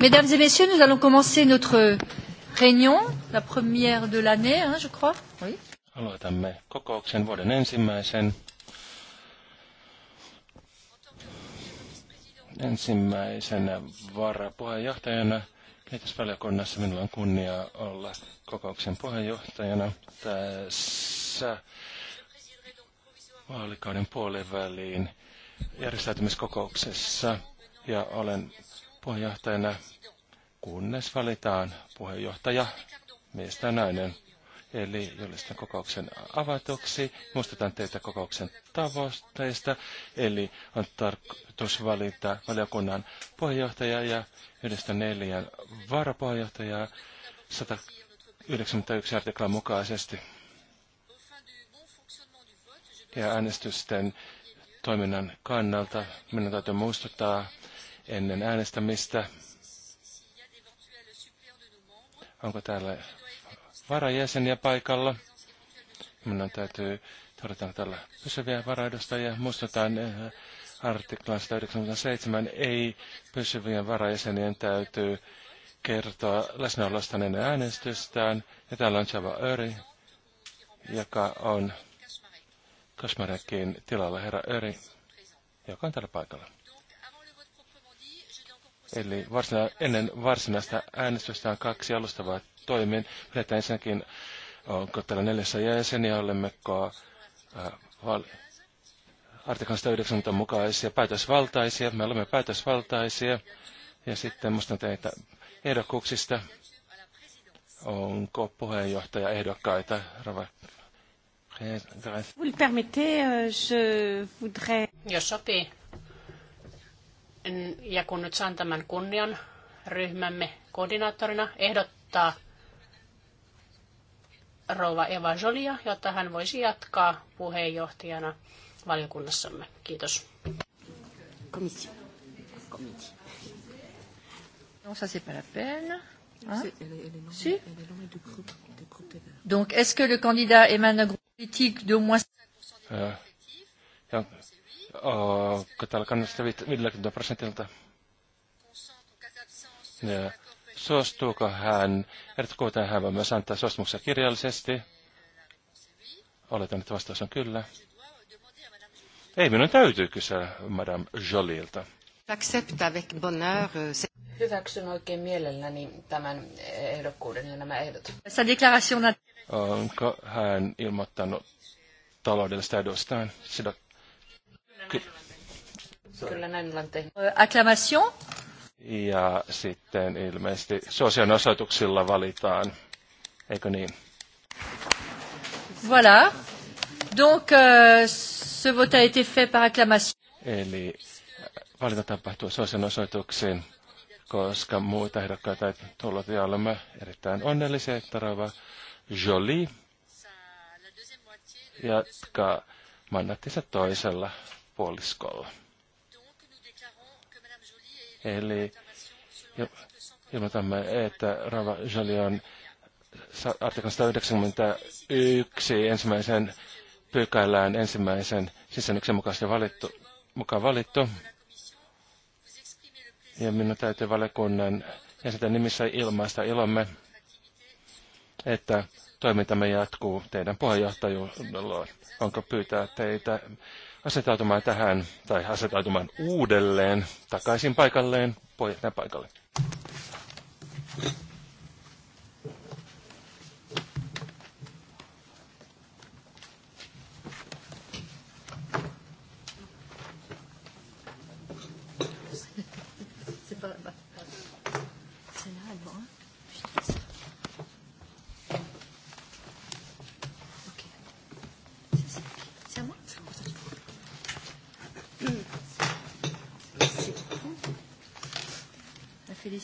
Mesdames et messieurs, nous allons commencer notre réunion, la première de l'année, hein, je crois. Oui. Aloitamme kokouksen vuoden ensimmäisen. Ensimmäisen varapuheenjohtajana kehitysvaliokunnassa minulla on kunnia olla kokouksen puheenjohtajana tässä vaalikauden puoliväliin järjestäytymiskokouksessa ja olen puheenjohtajana, kunnes valitaan puheenjohtaja, mies tai nainen. Eli julistan kokouksen avatuksi. Muistutan teitä kokouksen tavoitteista. Eli on tarkoitus valita valiokunnan puheenjohtaja ja yhdestä neljän varapuheenjohtajaa 191 artiklan mukaisesti. Ja äänestysten toiminnan kannalta minun täytyy muistuttaa, ennen äänestämistä. Onko täällä varajäseniä paikalla? Minun täytyy todeta täällä pysyviä varaedustajia. Muistetaan eh, artiklan 197 ei pysyvien varajäsenien täytyy kertoa läsnäolostaan ennen äänestystään. Ja täällä on Java Öri, joka on Kasmarekin tilalla herra Öri, joka on täällä paikalla. Eli varsina, ennen varsinaista äänestystä on kaksi alustavaa toimin. Pidetään ensinnäkin, onko täällä neljässä jäseniä, olemmeko äh, val, artiklan 190 mukaisia päätösvaltaisia. Me olemme päätösvaltaisia. Ja sitten musta teitä ehdokkuuksista. Onko puheenjohtaja ehdokkaita? Rava euh, Jos sopii, ja kun nyt saan tämän kunnian ryhmämme koordinaattorina ehdottaa rouva Eva Jolia, jotta hän voisi jatkaa puheenjohtajana valiokunnassamme. Kiitos. Komissio. Komissio. Non, ça c'est pas la peine. Hein si. Donc, est-ce que le candidat émane d'un groupe politique d'au moins 5% des euh, effectifs Onko täällä kannasta 50 prosentilta? Ja suostuuko hän, ehdotko hän voi myös antaa suostumuksen kirjallisesti? Oletan, että vastaus on kyllä. Ei, minun täytyy kysyä Madame Jolilta. Hyväksyn oikein mielelläni tämän ehdokkuuden ja nämä ehdot. Onko hän ilmoittanut taloudellista edustaan sidot Kyllä. näin ollaan tehnyt. Acclamation. Ja sitten ilmeisesti osoituksilla valitaan, eikö niin? Voilà. Donc, euh, ce vote a été fait par acclamation. Eli äh, valinta tapahtuu osoituksiin, koska muita ehdokkaita ei tullut ja olemme erittäin onnellisia, että Rova Jolie jatkaa mandattinsa toisella puoliskolla. Eli ilmoitamme, että Rava Jolie on artiklan 191 ensimmäisen pykälään ensimmäisen sisännyksen mukaan valittu, mukaan valittu. Ja minun täytyy valiokunnan jäsenten nimissä ilmaista ilomme, että toimintamme jatkuu teidän puheenjohtajuudellaan. Onko pyytää teitä asetautumaan tähän tai asetautumaan uudelleen takaisin paikalleen puheenjohtajan paikalle.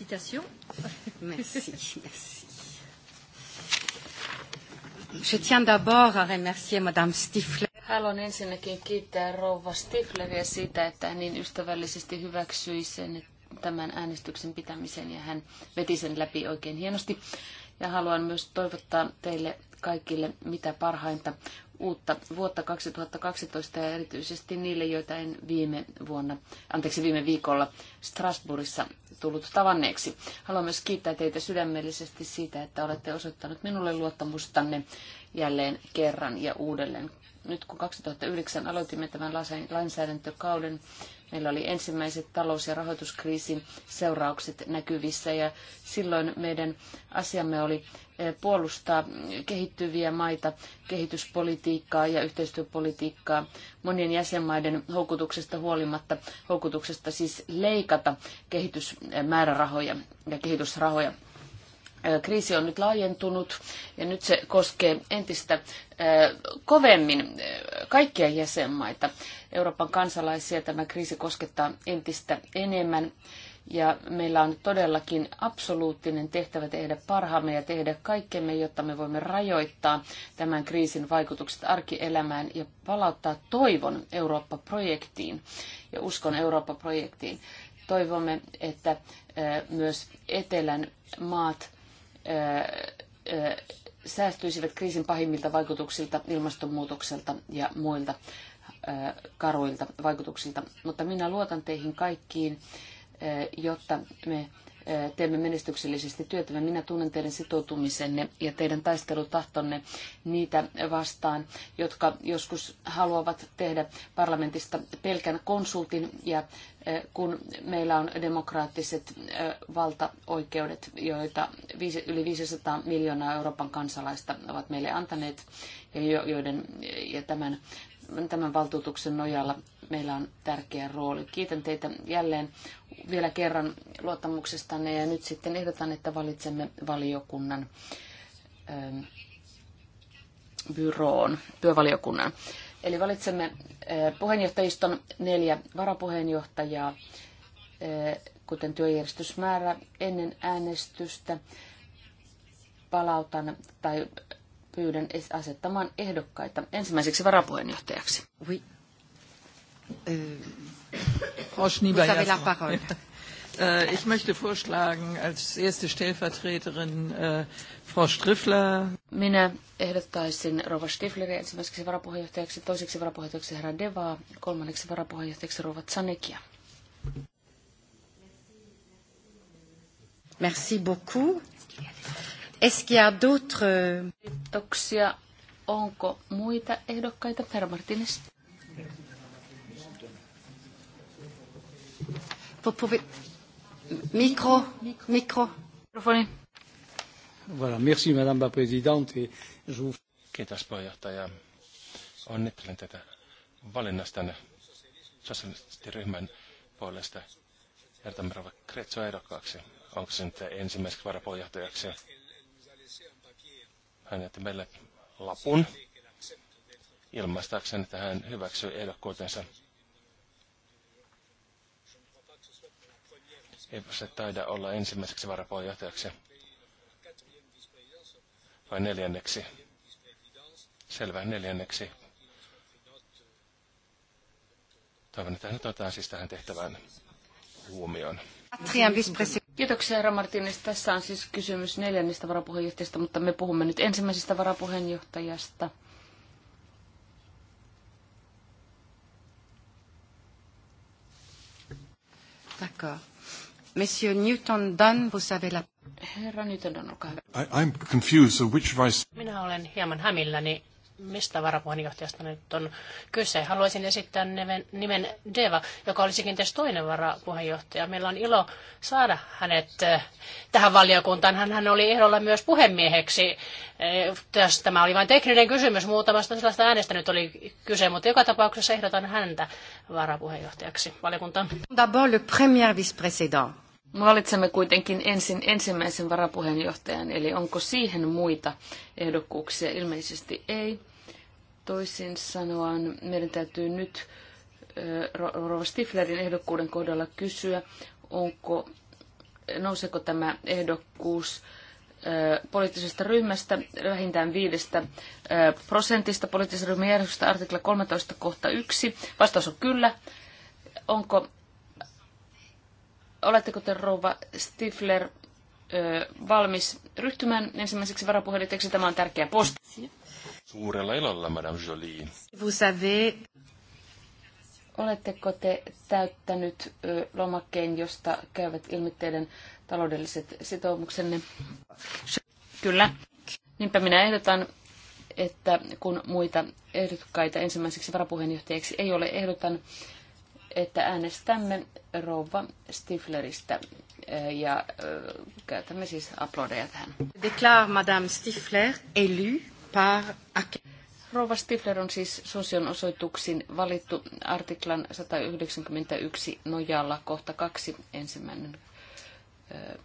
félicitations. Merci, merci. Je tiens d'abord à remercier Madame Stifler. Haluan ensinnäkin kiittää rouva Stifleria siitä, että hän niin ystävällisesti hyväksyi sen tämän äänestyksen pitämisen ja hän veti sen läpi oikein hienosti. Ja haluan myös toivottaa teille kaikille mitä parhainta uutta vuotta 2012 ja erityisesti niille, joita en viime, vuonna, anteeksi, viime viikolla Strasbourgissa tullut tavanneeksi. Haluan myös kiittää teitä sydämellisesti siitä, että olette osoittanut minulle luottamustanne jälleen kerran ja uudelleen nyt kun 2009 aloitimme tämän lainsäädäntökauden, meillä oli ensimmäiset talous- ja rahoituskriisin seuraukset näkyvissä ja silloin meidän asiamme oli eh, puolustaa kehittyviä maita, kehityspolitiikkaa ja yhteistyöpolitiikkaa monien jäsenmaiden houkutuksesta huolimatta, houkutuksesta siis leikata kehitysmäärärahoja ja kehitysrahoja kriisi on nyt laajentunut ja nyt se koskee entistä kovemmin kaikkia jäsenmaita. Euroopan kansalaisia tämä kriisi koskettaa entistä enemmän ja meillä on todellakin absoluuttinen tehtävä tehdä parhaamme ja tehdä kaikkemme, jotta me voimme rajoittaa tämän kriisin vaikutukset arkielämään ja palauttaa toivon Eurooppa-projektiin ja uskon Eurooppa-projektiin. Toivomme, että myös etelän maat säästyisivät kriisin pahimmilta vaikutuksilta, ilmastonmuutokselta ja muilta karuilta vaikutuksilta. Mutta minä luotan teihin kaikkiin, jotta me teemme menestyksellisesti työtämme. Minä tunnen teidän sitoutumisenne ja teidän taistelutahtonne niitä vastaan, jotka joskus haluavat tehdä parlamentista pelkän konsultin ja eh, kun meillä on demokraattiset eh, valtaoikeudet, joita yli 500 miljoonaa Euroopan kansalaista ovat meille antaneet ja, joiden, eh, ja tämän, tämän valtuutuksen nojalla meillä on tärkeä rooli. Kiitän teitä jälleen vielä kerran luottamuksestanne ja nyt sitten ehdotan, että valitsemme valiokunnan ähm, byroon, työvaliokunnan. Eli valitsemme äh, puheenjohtajiston neljä varapuheenjohtajaa, äh, kuten työjärjestysmäärä ennen äänestystä. Palautan tai pyydän asettamaan ehdokkaita ensimmäiseksi varapuheenjohtajaksi. Oui. Äh, Frau Schnieber, Vous avez la parole. Äh, ich möchte vorschlagen, als erste Stellvertreterin äh, Frau Striffler. Minä ehdottaisin Rova Stifleri ensimmäiseksi varapuheenjohtajaksi, toiseksi varapuheenjohtajaksi herra Devaa, kolmanneksi varapuheenjohtajaksi Rova Tsanekia. Merci beaucoup. Est-ce qu'il y a d'autres... Kiitoksia. Onko muita ehdokkaita? Herra Martinez. Mikro, mikro. Mikrofoni. Voilà, merci madame la présidente. Et je vous... Kiitos puheenjohtaja. Onnittelen tätä valinnasta sosialistiryhmän puolesta Ertamerova Kretso ehdokkaaksi. Onko se nyt ensimmäiseksi varapuheenjohtajaksi? Hän jätti meille lapun ilmaistaakseen, että hän hyväksyy ehdokkuutensa Eipä se taida olla ensimmäiseksi varapuheenjohtajaksi, vai neljänneksi. Selvä, neljänneksi. Toivon, että nyt otetaan siis tähän tehtävään huomioon. Kiitoksia, herra Martinis. Tässä on siis kysymys neljännestä varapuheenjohtajasta, mutta me puhumme nyt ensimmäisestä varapuheenjohtajasta. D'accord. Monsieur Newton Dunn, vous la... Herra Newton Dunn, olkaa hyvä. I, I'm confused, so which vice... Minä olen hieman hämilläni mistä varapuheenjohtajasta nyt on kyse. Haluaisin esittää nimen Deva, joka olisikin tässä toinen varapuheenjohtaja. Meillä on ilo saada hänet eh, tähän valiokuntaan. Hän oli ehdolla myös puhemieheksi. Eh, tämä oli vain tekninen kysymys. Muutamasta sellaista äänestä nyt oli kyse, mutta joka tapauksessa ehdotan häntä varapuheenjohtajaksi valiokuntaan. D'abord le premier vice-président. Valitsemme kuitenkin ensin ensimmäisen varapuheenjohtajan, eli onko siihen muita ehdokkuuksia? Ilmeisesti ei. Toisin sanoen meidän täytyy nyt Rova Stiflerin ehdokkuuden kohdalla kysyä, onko, nouseeko tämä ehdokkuus poliittisesta ryhmästä vähintään viidestä prosentista poliittisen ryhmän järjestöstä artikla 13 kohta 1. Vastaus on kyllä. Onko, oletteko te rouva Stifler valmis ryhtymään ensimmäiseksi varapuheenjohtajaksi? Tämä on tärkeä posti. Suurella ilolla, Madame Jolie. Vous savez... Oletteko te täyttänyt lomakkeen, josta käyvät ilmi teidän taloudelliset sitoumuksenne? Kyllä. Niinpä minä ehdotan, että kun muita ehdokkaita ensimmäiseksi varapuheenjohtajaksi ei ole, ehdotan, että äänestämme rouva Stifleristä ja käytämme siis aplodeja tähän. Declare Madame Stifler élu par... Rouva Stifler on siis Sosion osoituksin valittu artiklan 191 nojalla kohta kaksi ensimmäinen ö,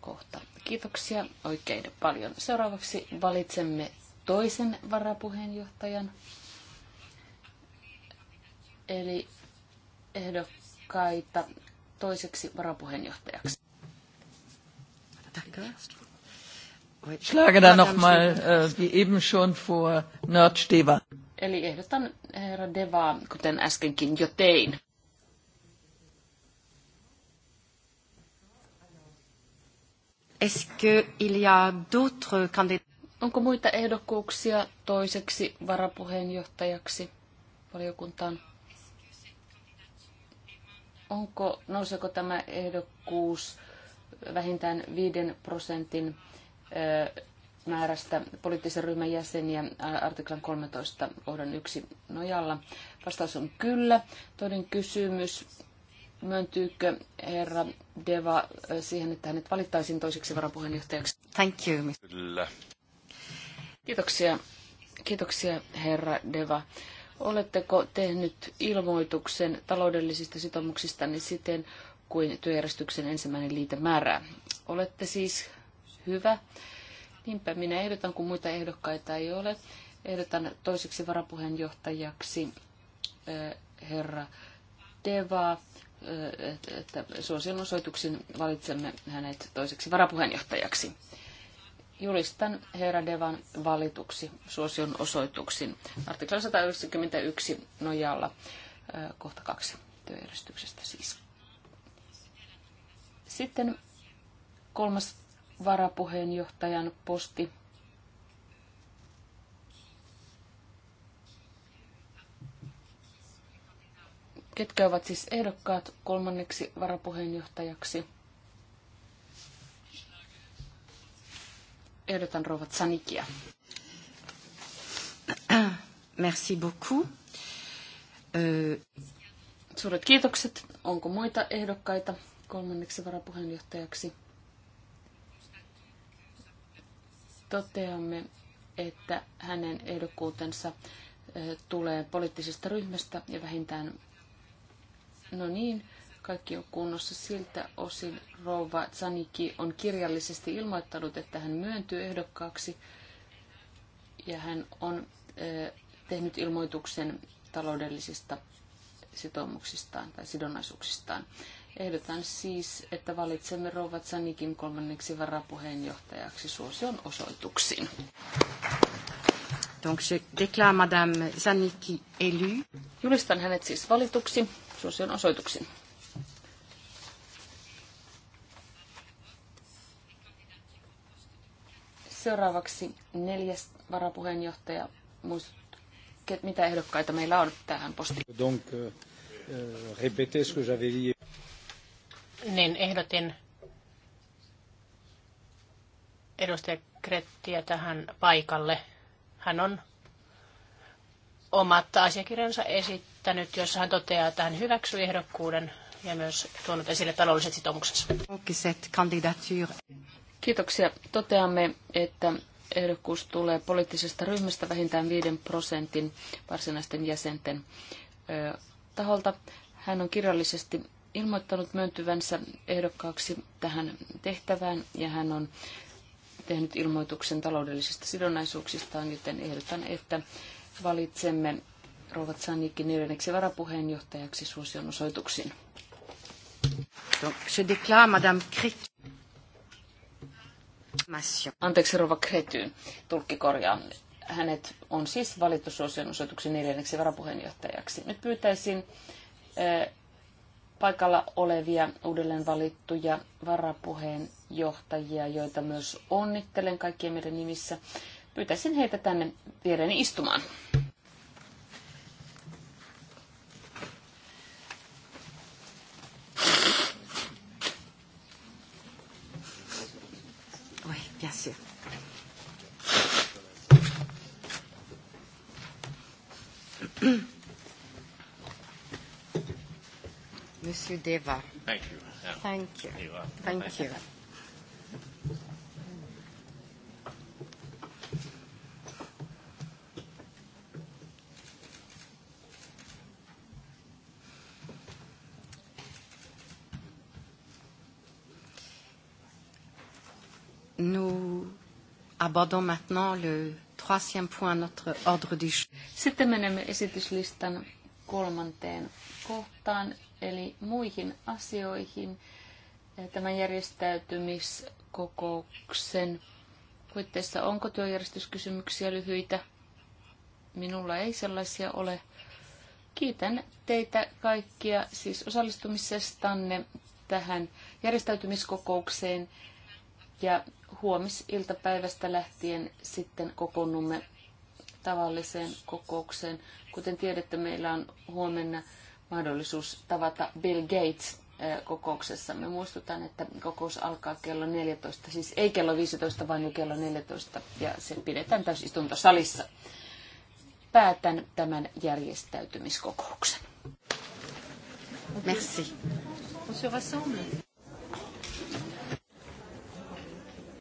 kohta. Kiitoksia oikein paljon. Seuraavaksi valitsemme toisen varapuheenjohtajan. Eli ehdokkaita toiseksi varapuheenjohtajaksi. D'accord. Ich schlage da nochmal, äh, wie eben schon vor, Nerd Steva. Eli ehdotan herra Devaa, kuten äskenkin jo tein. Onko muita ehdokkuuksia toiseksi varapuheenjohtajaksi valiokuntaan? Onko, nouseeko tämä ehdokkuus vähintään viiden prosentin määrästä poliittisen ryhmän jäseniä artiklan 13 kohdan 1 nojalla? Vastaus on kyllä. Toinen kysymys. Myöntyykö herra Deva siihen, että hänet valittaisiin toiseksi varapuheenjohtajaksi? Thank you. Kyllä. Kiitoksia. Kiitoksia, herra Deva. Oletteko tehnyt ilmoituksen taloudellisista niin siten kuin työjärjestyksen ensimmäinen liite määrää? Olette siis hyvä. Niinpä minä ehdotan, kun muita ehdokkaita ei ole, ehdotan toiseksi varapuheenjohtajaksi herra Deva, että suosion osoituksen valitsemme hänet toiseksi varapuheenjohtajaksi. Julistan herra Devan valituksi suosion osoituksin artikla 191 nojalla kohta kaksi työjärjestyksestä siis. Sitten kolmas varapuheenjohtajan posti. Ketkä ovat siis ehdokkaat kolmanneksi varapuheenjohtajaksi? Ehdotan rouva Sanikia. Merci beaucoup. Suuret kiitokset. Onko muita ehdokkaita kolmanneksi varapuheenjohtajaksi? toteamme, että hänen ehdokkuutensa tulee poliittisesta ryhmästä ja vähintään, no niin, kaikki on kunnossa. Siltä osin rouva Zaniki on kirjallisesti ilmoittanut, että hän myöntyy ehdokkaaksi ja hän on tehnyt ilmoituksen taloudellisista sitoumuksistaan tai sidonnaisuuksistaan. Ehdotan siis, että valitsemme Rouva Zanikin kolmanneksi varapuheenjohtajaksi suosion osoituksiin. Donc je déclare Madame Zaniki élu. Julistan hänet siis valituksi suosion osoituksiin. Seuraavaksi neljäs varapuheenjohtaja. Muistut, mitä ehdokkaita meillä on tähän postiin? Donc, euh, euh répétez ce que j'avais dit niin ehdotin edustaja Krettiä tähän paikalle. Hän on omat asiakirjansa esittänyt, jossa hän toteaa, että hän hyväksyi ehdokkuuden ja myös tuonut esille taloudelliset sitoumuksensa. Kiitoksia. Toteamme, että ehdokkuus tulee poliittisesta ryhmästä vähintään 5 prosentin varsinaisten jäsenten taholta. Hän on kirjallisesti ilmoittanut myöntyvänsä ehdokkaaksi tähän tehtävään ja hän on tehnyt ilmoituksen taloudellisista sidonnaisuuksistaan, joten ehdotan, että valitsemme Rovat Sannikin neljänneksi varapuheenjohtajaksi suosion osoituksiin. Je déclare Madame Anteeksi, Rova Kretyyn. Tulkki korjaa. Hänet on siis valittu suosion osoituksen neljänneksi varapuheenjohtajaksi. Nyt pyytäisin eh, paikalla olevia uudelleen valittuja varapuheenjohtajia, joita myös onnittelen kaikkien meidän nimissä. Pyytäisin heitä tänne viereeni istumaan. Mm-hmm. Monsieur Deva. Thank you. Yeah. Thank you. you are. Thank, you. Nous abordons maintenant le troisième point notre ordre du jour. Sitten menemme esityslistan kolmanteen kohtaan, eli muihin asioihin eh, tämän järjestäytymiskokouksen puitteissa. Onko työjärjestyskysymyksiä lyhyitä? Minulla ei sellaisia ole. Kiitän teitä kaikkia siis osallistumisestanne tähän järjestäytymiskokoukseen ja huomisiltapäivästä lähtien sitten kokoonnumme tavalliseen kokoukseen. Kuten tiedätte, meillä on huomenna mahdollisuus tavata Bill Gates kokouksessa. Me muistutan, että kokous alkaa kello 14, siis ei kello 15, vaan jo kello 14, ja se pidetään täysistuntosalissa. Päätän tämän järjestäytymiskokouksen. Merci. On se rassemble.